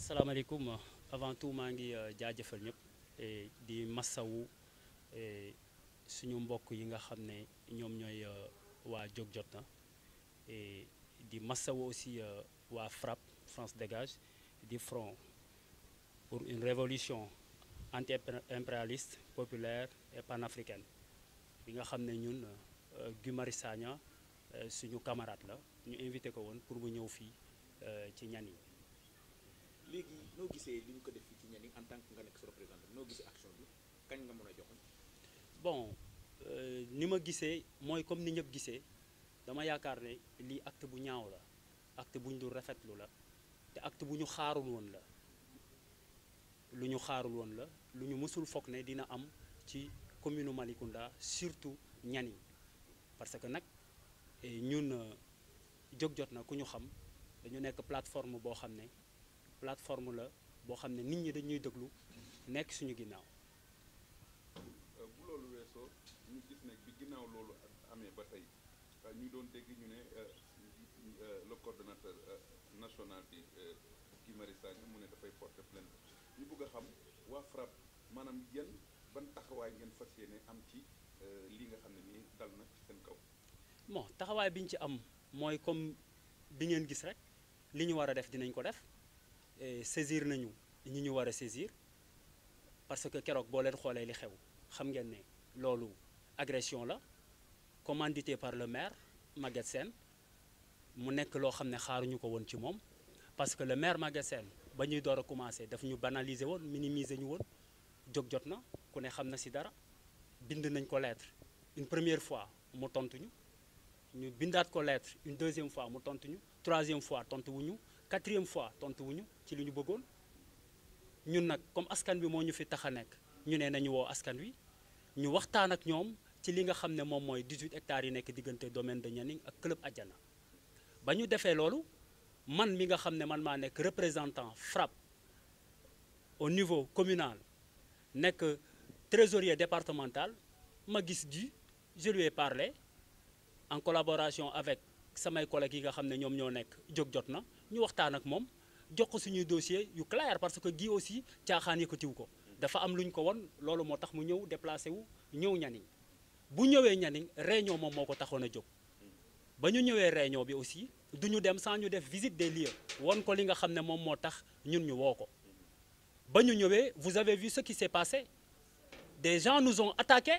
asalaamaaleykum avant tout maa ngi euh, jaajëfal ñëpp di massawu suñu mbokk yi nga xam ne ñoom ñooy euh, waa jóg jot na di massawu aussi euh, waa FRAPP France Dégage di front pour une révolution anti-impérialiste populaire et panafricaine bi nga xam ne ñun Guy Marius suñu camarade la ñu invité ko woon pour mu ñëw fii ci ñan yi léegi noo gisee li ñu ko def fii ci Nianing en tant que nga nekk sa représentant noo gisee action bi kañ nga mën a joxoon bon euh, ni ma gisee mooy comme ni ñëpp gisee dama yaakaar ne lii acte bu ñaaw la acte bu ñu dul rafetlu la te acte bu ñu xaarul woon la lu ñu xaarul woon la lu ñu mësul foog ne dina am ci commune Malicounda surtout Nianing parce que nag eh, ñun euh, jóg jot na ku ñu xam dañu nekk plateforme boo xam ne plateforme la boo xam ne nit ñi dañuy déglu nekk suñu ginnaaw. Euh, bu loolu weesoo ñu gis ne bi ginnaaw loolu amee ba tey euh, ñu doon dégg ñu ne euh, le coordonnateur national bi Guy Marius Sagna mu ne dafay porter plainte ñu bugg a xam waa FRAPP maanaam yan ban taxawaay ngeen fas yéene am ci li nga xam ne nii dal na ci seen kaw. bon taxawaay bi ñu ci am mooy comme bi ngeen gis rek li ñu war a def dinañ ko def. Eh, saisir nañu ñi ñu war a saisir parce que keroog boo leen xoolee li xew xam ngeen ne loolu agression la commandité par le maire Maguette mu nekk loo xam ne xaaruñu ko woon ci moom parce que le maire Maguette ba ñuy door a commencé daf ñu banaliser woon minimiser ñu woon jóg jot na ku ne xam na si dara bind nañ ko lettre une première fois mu tontu ñu ñu bindaat ko lettre une deuxième fois mu tontu ñu troisième fois tontu wu ñu quatrième fois tontu ñu ci li ñu bëggoon ñun nag comme askan wi moo ñu fi tax a nekk ñu ne nañu woo askan wi ñu waxtaan ak ñoom ci li nga xam ne moom mooy 18 hectares yi nekk diggante domaine de Nianing ak club Adjana ba ñu defee loolu man mi nga xam ne man maa nekk représentant FRAPP au niveau communal nekk trésorier départemental ma gis ji je lui ai parlé en collaboration avec samay collègues yi nga xam ne ñoom ñoo nekk jóg jot na ñu waxtaan ak moom jox ko suñuy dossier yu clair parce que gi aussi caaxaan yëkkatiw ko dafa am lu ñu ko won loolu moo tax mu ñëw déplacé wu ñëw ñaniñ bu ñëwee ñaniñ réunion moom moo ko taxoon a jóg ba ñu ñëwee réunion bi aussi du ñu dem sans ñu def visite des lieux wan ko li nga xam ne moom moo tax ñun ñu woo ko ba ñu ñëwee vous avez vu ce qui s'est passé des gens nous ont attaqués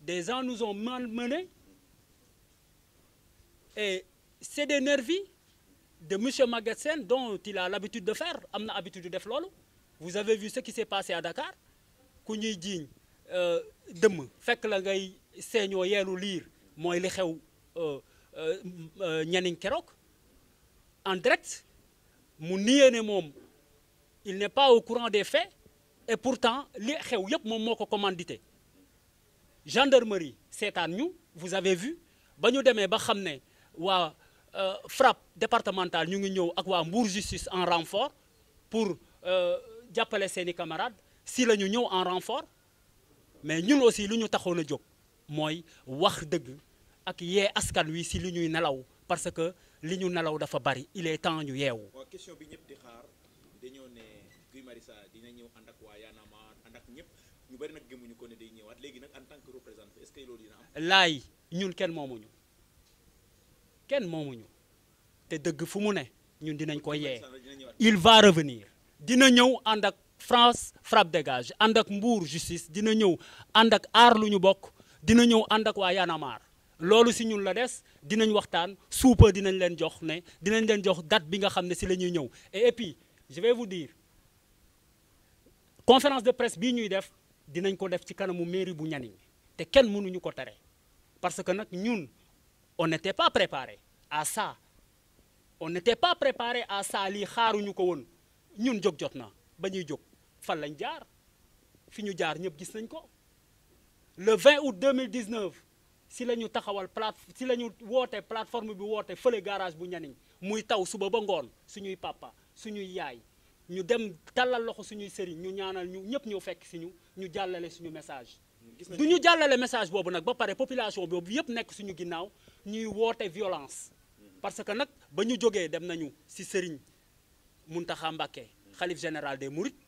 des gens nous ont malmenés et c'est des nervis de monsieur Maguette Sène dont il a l'habitude de faire am na habitude de def loolu vous avez vu ce qui s'est passé à Dakar ku ñuy jiiñ euh, dëmm fekk la ngay seeñoo yeelu liir mooy li xew ñeniñ euh, euh, keroog en direct mu niyee ne moom il n'est pas au courant des faits et pourtant li xew yépp moom moo ko commandité gendarmerie seetaan ñu vous avez vu ba ñu demee ba xam ne waa Euh, frappe départementale ñu ngi ñëw ak waa Mbour justice en renfort pour euh, jàppale seeni camarades si la ñu ñëw en renfort mais ñun aussi lu ñu taxoon a jóg mooy wax dëgg ak yee askan wi si li ñuy nelaw parce que li ñu nelaw dafa bari il est temps ñu yeewu. waaw bi ñëpp di xaar dañoo ne Guy Marissa dina ñëw ànd ak waa a marre ànd ñëpp ñu bari nag gëmuñu ko ne ñëwaat léegi nag en tant que représentant est-ce que loolu dina am. laay ñun kenn moomuñu. kenn moomuñu te dëgg fu mu ne ñun dinañ ko yee il va revenir dina ñëw ànd ak France frappe dégage ànd ak Mbour justice dina ñëw ànd ak aar lu ñu bokk dina ñëw ànd ak waa yanamaar loolu si ñun la des dinañ waxtaan suupa dinañ leen jox ne dinañ leen jox date bi nga xam ne si la ñuy ñëw et et puis je vais vous dire conférence de presse bii ñuy def dinañ ko def ci kanamu mairie bu Nianing te kenn mënuñu ko tare parce que nag ñun on n'était pas préparé à ça on n'était pas préparé à sa lii xaaruñu ko woon ñun jóg jot na ba ñuy jóg fan lañ jaar fi ñu jaar ñëpp gis nañ ko le 20 août 2019 si la ñu taxawal plate si la ñu woote plateforme bi woote fële garage bu ñaniñ muy taw suba ba ngoon suñuy papa suñuy yaay ñu dem tàllal loxo suñuy sëriñ ñu ñaanal ñu ñëpp ñëw fekk si ñu ñu jàllale suñu message du ñu jàllale message boobu nag ba pare population boobu yëpp nekk suñu ginnaaw ñuy woote violence parce que nag ba ñu jógee dem nañu ci sëriñ Muntaxa Mbàkke xalif général de Mourides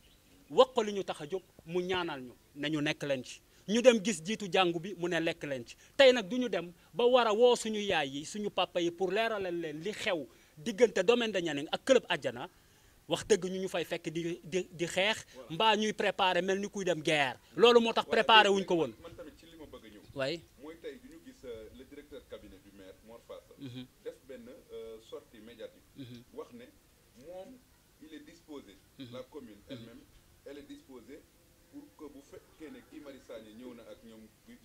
wax ko li ñu tax a jóg mu ñaanal ñu ne ñu nekk leen ci ñu dem gis jiitu jàngu bi mu ne lekk leen ci tey nag du ñu dem ba war a woo suñu yaay yi suñu papa yi pour leeralal leen li xew diggante domaine de Nianing ak club Adjana wax dëgg ñu ñu fay fekk di di di xeex mbaa ñuy préparé mel ni kuy dem guerre loolu moo tax préparé wuñ ko woon. man tamit ci li ma bëgg a ñëw. waaye mooy tey du ñu gis euh, le directeur cabinet du maire Mor Fassa. Mhm. def benn euh, sortie médiatique. Mhm. wax ne moom il est disposé. Mhm. la commune elle-même elle est disposée pour que bu fekkee ne kii Mari Sagna ñëw na ak ñoom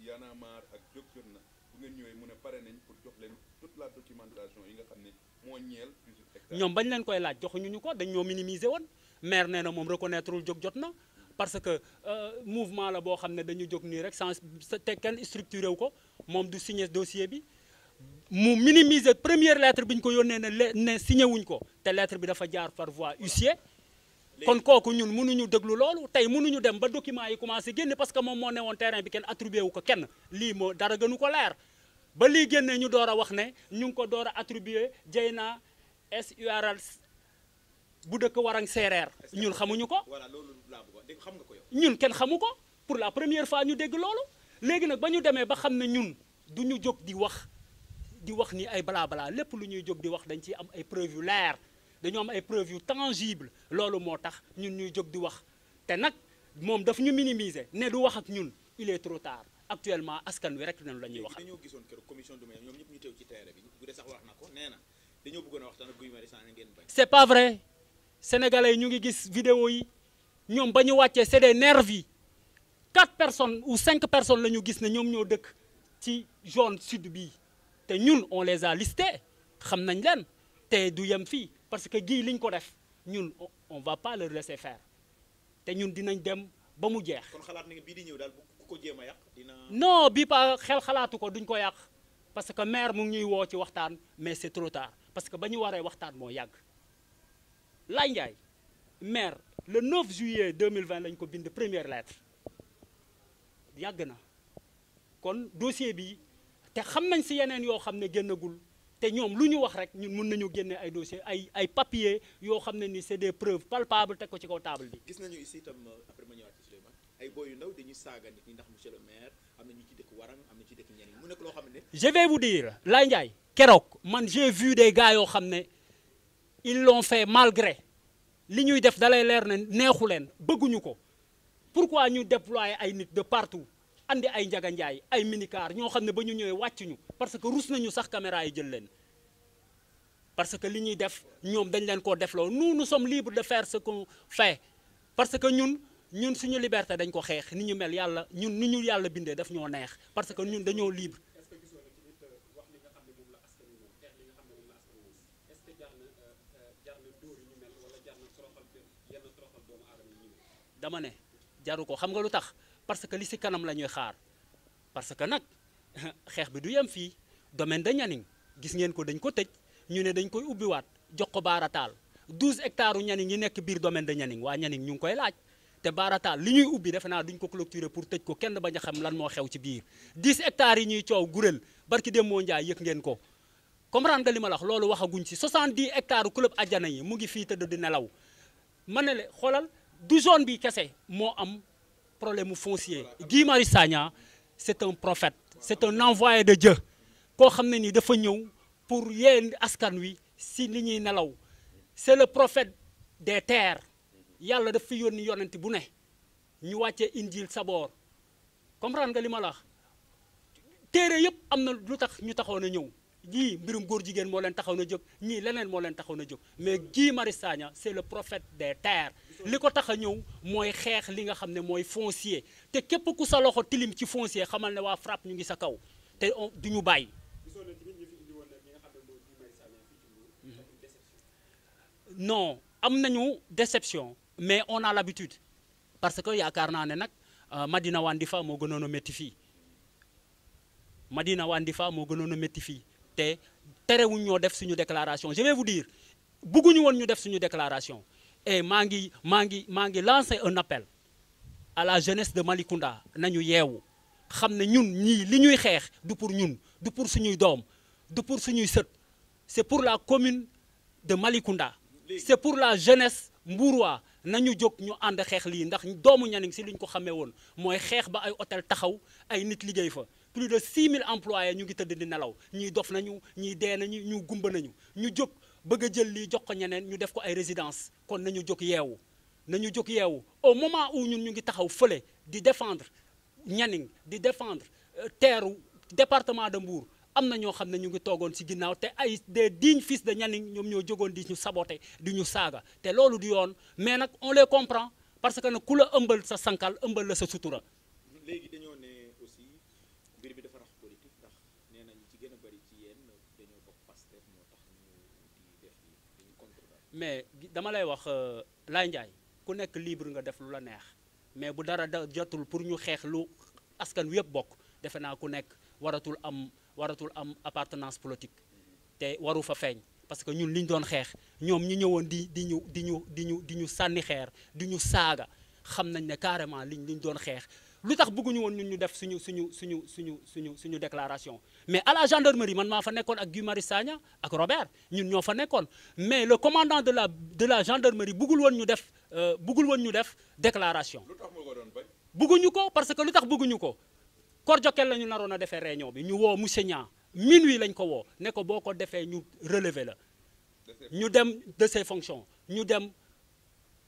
Yann Amar ak Diop Diop na bu ngeen ñëwee mu ne pare nañ pour jox leen toute la documentation yi nga xam ne. ñoom bañ leen koy laaj joxuñu ñu ko dañoo ñoo minimiser woon maire nee na moom reconnaîtreul jóg jot na parce que euh, mouvement la boo xam ne dañu jóg nii rek sans te kenn structuré wu ko moom du signer dossier bi mu minimiser première lettre bi ñu ko yónnee ne ne signé wuñ ko te lettre bi dafa jaar par voie huissier kon kooku ñun mënuñu déglu loolu tey mënuñu dem ba document yi commencé génn parce que moom moo ne woon terrain bi kenn attribué wu ko kenn lii moo dara gënu ko leer ba lii génnee ñu door a wax ne ñu ngi ko door a attribué Dieyna SURL bu dëkk Warang Seereer ñun xamuñu ko ñun kenn xamu ko pour la première fois ñu dégg loolu léegi nag ba ñu demee ba xam ne ñun du ñu jóg di wax di wax ni ay balaa balaa lépp lu ñuy jóg di wax dañ ciy am ay preuve yu leer dañu am ay preuve yu tangible loolu moo tax ñun ñuy jóg di wax te nag moom daf ñu minimiser ne du wax ak ñun il est trop tard actuellement askan wi rek nañu la ñuy wax. dañoo gisoon keroog commission domaine ñoom ñëpp ñu teew ci terrain ko nee na dañoo bëggoon a waxtaan ak Guy Marius Sagna ngeen bañ. c'est pas vrai sénégalais yi ñu ngi gis vidéo yi ñoom ba ñu wàccee c'est des nervis quatre personnes ou cinq personnes la ñu gis ne ñoom ñoo dëkk ci zone sud bi te ñun on les a listés xam nañ leen te du yem fii parce que gii liñ ko def ñun on va pas leur laisser te ñun dinañ dem. ba mu jeex. kon xalaat nga bii di ñëw daal bu ko jéem a yàq dina. non bi pa xel xalaatu ko duñ ko yàq parce que maire mu ngi ñuy woo ci waxtaan mais c'est trop tard parce que ba ñu waree waxtaan moo yàgg Laye Ndiaye maire le 9 juillet 2020 lañ ko bind première lettre yàgg na kon dossier bi te xam nañ si yeneen yoo xam ne génnagul te ñoom lu ñu wax rek ñun mën nañu génne ay dossier ay ay papier yoo xam ne ni c'est de preuves palpables teg ko ci kaw table bi. gis nañu ici itam euh, ma ñëwaat ay boy yu ndaw dañuy saaga nit ñi ndax am na ñu ci dëkk loo xam ne. je vais vous dire Laye Ndiaye keroog man j'ai vu de gars yoo xam ne ils l'ont fait malgré li ñuy def dalay leer ne neexu leen bëgguñu ko pourquoi ñu déployer ay nit de partout andi ay Ndiaga ay minicar ñoo xam ne ba ñu ñëwee wàccuñu parce que rus nañu sax caméra yi jël leen. parce que li ñuy def ñoom dañ leen koo defloo nu nous sommes libres de faire ce qu'on fait parce que ñun ñun suñu liberté dañ ko xeex ni ñu mel yàlla ñun ni ñu yàlla bindee daf ñoo neex parce que ñun dañoo libre. dama ne jaru ko xam nga lu tax parce que li si kanam la ñuy xaar parce que nag xeex bi du yem fii domaine de Nianing gis ngeen ko dañ ko tëj ñu ne dañ koy ubbiwaat jox ko baarataal 12 hectares u Nianing yi nekk biir domaine de Nianing waa Nianing ñu ngi koy laaj. te baarata li ñuy ubbi defe naa duñ ko clôturer pour tëj ko kenn bañ a xam lan moo xew ci biir 10 hectares yi ñuy coow Gurel barki dem moo njaay yëg ngeen ko comprendre nga li ma la wax loolu waxaguñ ci 70 hectares club ajjana yi mu ngi fii tëdd di nelaw ma ne la xoolal du zone bi kese moo am problème mu foncier Guy Marius Sagna c'est un prophète c'est un envoyé de Dieu koo xam ne nii dafa ñëw pour yéen askan wi si li ñuy nelaw c'est le prophète des terres yàlla def fi yoon yonent bu ne ñu wàccee injil saboor comprendre nga li ma la wax téere yëpp am na lu tax ñu taxoon a ñëw ñii mbirum góor jigéen moo leen taxaw na jóg ñii leneen moo leen taxaw a jóg mais Guy Marius Sagna c'est le prophète des terres li ko tax a ñëw mooy xeex li nga xam ne mooy foncier te képp ku sa loxo tilim ci foncier xamal ne waa FRAPP ñu ngi sa kaw te du ñu bàyyi non am nañu déception mais on a l'habitude parce que yaakaar naa ne nag euh, Madina Wandifa moo gënoon a fii Madina Wandifa moo gënoon a fii te terewuñ ñoo def suñu déclaration je vais vous dire bëgguñu woon ñu def suñu déclaration et maa ngi maa ngi maa ngi lancer un appel à la jeunesse de Malicounda nañu yeewu xam ne ñun ñii li ñuy xeex du pour ñun du pour suñuy doom du pour suñuy sët c'est pour la commune de Malicounda c'est pour la jeunesse mbourois nañu jóg ñu ànd xeex lii ndax doomu Nianing si liñ ko xamee woon mooy xeex ba ay hôtel taxaw ay nit liggéey fa plus de 6000 employés ñu ngi tëdd di nelaw ñuy dof nañu ñii dee nañu ñu gumba nañu ñu jóg bëgg a jël lii jox ko ñeneen ñu def ko ay résidence kon nañu jóg yeewu nañu jóg yeewu au moment où ñun ñu ngi taxaw fële di défendre Nianing di defendre euh, teeru département de Mbour am na ñoo xam ne ñu ngi toogoon si ginnaaw te ay des dignes fils de Nianing ñoom ñoo jógoon di ñu saboté di ñu saaga te loolu di yoon mais nag on les comprend parce que nag ku la ëmbal sa sankal ëmbal la sa sutura. léegi dañoo mais dama lay wax euh, Laye Ndiaye ku nekk libre nga def lu la neex mais bu dara da jotul pour ñu xeex lu askan wi yëpp bokk defe naa ku nekk waratul am. waratul am appartenance politique te waru fa feeñ parce que ñun li ñu doon xeex ñoom ñu ñëwoon di di ñu di ñu di ñu di ñu sànni xeer di ñu saaga xam nañ ne carrément liñ liñ doon xeex lu tax bëgguñu woon ñun ñu def suñu suñu suñu suñu suñu suñu déclaration mais à la gendarmerie man maa fa nekkoon ak Guy Marius Sagna ak Robert ñun ñoo fa nekkoon mais le commandant de la de la gendarmerie bugul woon ñu def euh, bëggul woon ñu def déclaration. lu ko bëgguñu ko parce que lu tax bëgguñu ko Korjokel la ñu naroon a defee réunion bi ñu woo monsieur Niang minuit lañ ko woo ne ko boo ko defee ñu relever la ñu dem de ses fonctions ñu dem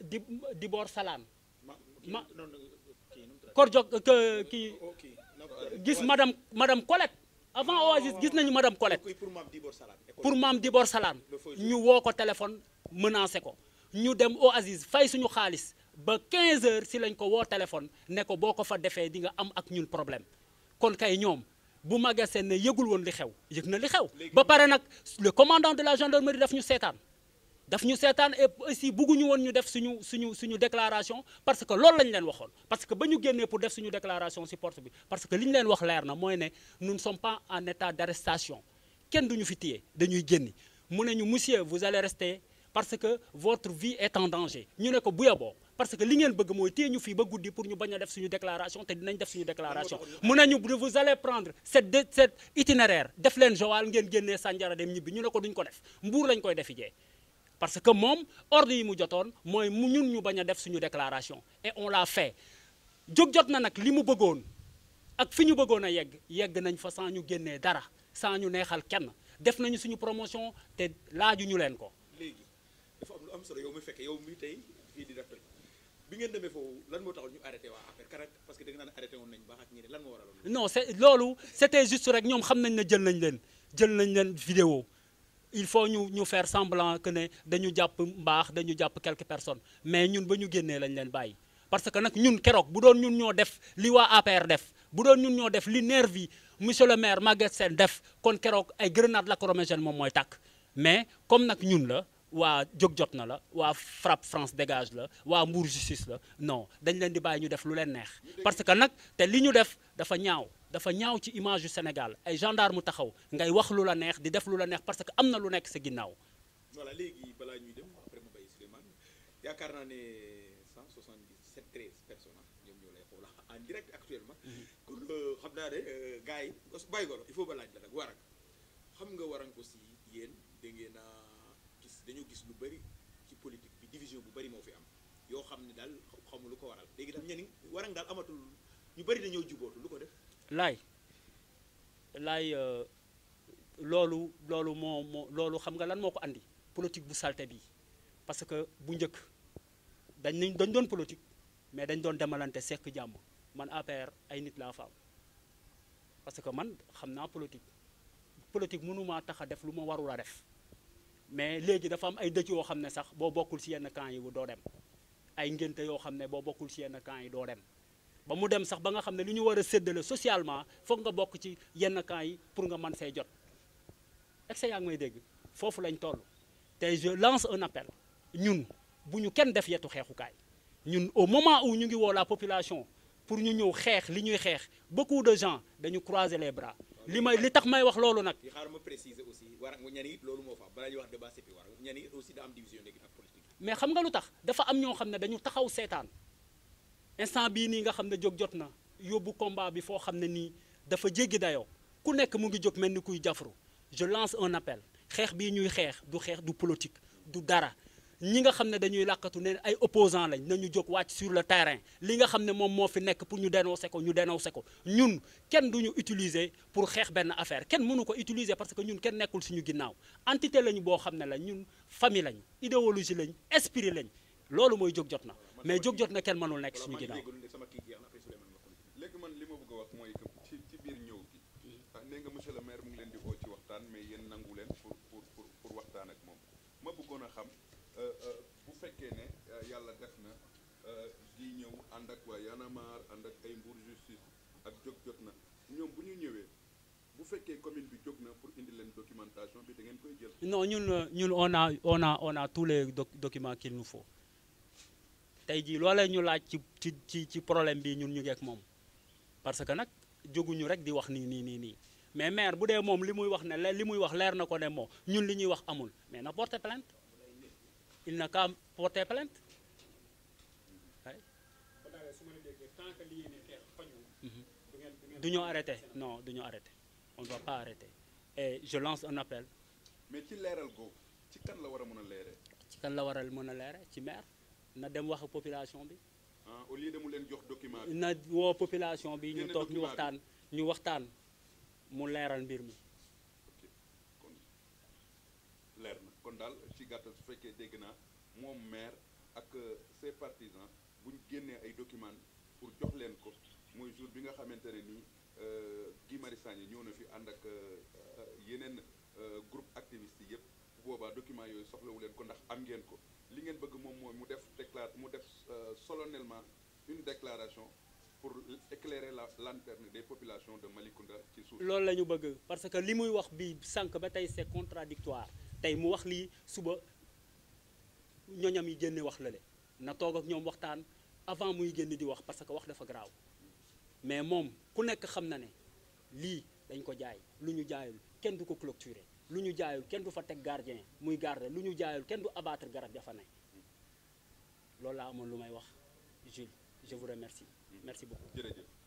di di salaan ma Korjo kii oh, oh, gis euh, madame madame Colette avant Oasis gis nañu madame oh, Colette pour maam Dibor Salaan ñu woo ko téléphone menacé ko ñu dem Oasis fay suñu xaalis ba 15 heures si lañ ko woo téléphone ne ko boo ko fa defee di nga am ak ñun problème kon kay ñoom bu magasin ne yëgul woon li xew yëg na li xew ba pare nag le commandant de la gendarmerie daf ñu seetaan daf ñu seetaan et aussi bugguñu woon ñu def suñu suñu suñu déclaration parce que loolu lañ leen waxoon parce que ba ñu génnee pour def suñu déclaration ci bi parce que li ñu leen wax leer na mooy ne nous ne pas en état d'arrestation kenn du ñu fi téye dañuy génni mu ne ñu monsieur vous allez rester parce que votre vie est en danger ñu ne ko bu yaboo parce que li ngeen bëgg mooy téye ñu fii ba guddi pour ñu bañ a def suñu déclaration te dinañ def suñu déclaration mun nañu vous allez prendre cette de cet itinéraire def leen Joal ngeen génnee Sandiara dem ñibbi ñu ne ko duñ ko def mbuur lañ koy defi jee parce que moom ordre yi mu jotoon mooy mu ñun ñu bañ a def suñu déclaration et on l'a fait jóg jot na nag li mu bëggoon ak fi ñu bëggoon a yegg yegg nañ fa sans ñu génnee dara sans ñu neexal kenn def nañu suñu promotion te laaju leen ko dafa am lu am solo yow mi tey fii di bi ngeen demee foofu lan moo taxul ñu arrêté waa affaire karak parce que da nga naan arrêté woon nañ baax ak ñeneen lan moo waraloon non c'est loolu c'était juste rek ñoom xam nañ ne jël nañ leen jël nañ leen vidéo il faut ñu ñu faire semblant que ne dañu jàpp mbaax dañu jàpp quelques personne mais ñun ba ñu génnee lañ leen bàyyi parce que nag ñun keroog bu doon ñun ñoo def li waa APR def bu doon ñun ñoo def li nervi yi monsieur le maire Maguette def kon keroog ay grenade lacrymogène moom mooy tàkk mais comme nag ñun la waa jóg jot na la waa frappe France dégage la waa Mbour justice la no dañ leen di bàyyi ñu def lu leen neex parce que nag te li ñu def dafa ñaaw dafa ñaaw ci image yu Sénégal ay gendarme taxaw ngay wax lu la neex di def lu la neex parce que am na lu nekk sa ginnaaw. voilà léegi balaa ñuy dem après mu bay Souleymane yaakaar naa ne 177 13 personnes ah, ñoom ñoo lay xool ah, en direct actuellement. Mhm. Euh, xam naa ne euh, gars yi bàyyi ko il faut ba laaj la nag waral xam nga waral aussi yéen dañoo gis lu bëri ci politique bi division bu bëri moo fi am yoo xam ne daal xamu lu ko waral léegi daal ñenn warang daal amatul ñu bëri dañoo jubootu lu ko def. laay laay euh, loolu loolu moo moo loolu xam nga lan moo ko indi politique bu salte bi parce que bu njëkk dañ nañ dañ doon politique mais dañ doon demalante sekk jàmm man APR ay nit laa fa am parce que man xam naa politique politique mënumaa tax a def lu ma warul a def. mais léegi dafa am ay dëj yoo xam ne sax boo bokkul si yenn camp yi doo dem ay ngénte yoo xam ne boo bokkul si yenn camp yi doo dem ba mu dem sax ba nga xam ne lu ñu war a séddale socialement foog nga bokk ci yenn camp yi pour nga mën see jot est-ce que yaa ngi may dégg foofu lañ toll te je lance un appel ñun bu ñu kenn def yetu xeexukaay ñun au moment où ñu ngi woo la population pour ñu ñëw xeex li ñuy xeex ba beaucoup de gens dañu croisé les bras li may li tax may wax loolu nag. xaaral ma préciser aussi war ñenn it loolu moo fa am balaa ñuy wax débat aussi da am mais xam nga lu tax dafa am ñoo xam ne dañu taxaw seetaan instant bii nii nga xam ne jóg jot na yóbbu combat bi foo xam ne nii dafa jéggi dayoo ku nekk mu ngi jóg mel ni kuy jafru je lance un appel xeex bii ñuy xeex du xeex du politique du dara. ñi nga xam ne dañuy làkkatu ne ay opposants lañ nañu jóg wàcc sur le terrain li nga xam ne moom moo fi nekk pour ñu dénoncer ko ñu dénoncer ko ñun kenn duñu utiliser pour xeex benn affaire kenn mënu ko utiliser parce que ñun kenn nekkul suñu ginnaaw entité lañu boo xam ne la ñun famille lañ idéologie lañ esprit lañ loolu mooy jóg jot na mais jóg jot na kenn mënul nekk suñu ginnaaw léegi man li ma bëgg a wax mooy que ci ci biir ñëw bi ah, leen oo ci waxtaan mais yéen nangu leen pour pour pour waxtaan xam Euh, euh, bu fekkee ne euh, yàlla def na di ñëw ànd ak waa yanamar ànd ak ay mbuur justice ak jóg jot na ñoom bu ñu ñëwee bu fekkee commune bi jóg na pour indi leen documentation bi da koy jël. non ñun ñun on a tous les documents qu'il nous faut tey jii loolee ñu laaj ci ci ci ci problème bi ñun ñu ngeek moom parce que nag jóguñu rek di wax nii nii nii nii mais maire bu dee moom li muy wax ne li muy wax leer na ko ne moom ñun li ñuy wax amul mais na porter plainte il n'a qu'à porter plainte du ñu arrêté non du ñu arrêté on ne pas arrêter et je lance un appel. mais ci leeral googu ci kan la war a mën a leeree. ci kan la war mën a leeree ci maire na dem wax population bi. ah au lieu de mu leen jox document bi. na woo population bi ñu toog ñu waxtaan ñu waxtaan mu leeral mbir mi. kon daal ci gàttal su fekkee dégg naa moom maire ak euh, ses partisans bu ñu génnee ay documents pour jox leen ko mooy jour bi nga xamante ne nii euh, Guy Marius Sagna ñëw na fi ànd ak euh, yeneen groupe activiste yi yëpp boobaa documents yooyu soxlawu leen ko ndax am ngeen ko li ngeen bëgg moom mooy mu def déclare mu def solennellement une déclaration pour éclairer la lanterne des population de Malicounda ci suuf. loolu la ñu bëgg parce que li muy wax bi sànq ba tey c'est contradictoire tey mu wax lii suba ñoñam yi génne wax lale na toog ak ñoom waxtaan avant muy génn di wax parce que wax dafa garaaw mais moom ku nekk xam na ne lii dañ ko jaay lu ñu jaayul kenn du ko clôturer lu ñu jaayul kenn du fa teg gardien muy garder lu ñu jaayul kenn du abattre garab ya ne loolu laa amoon lu may wax Jules je vous remercie merci beaucoup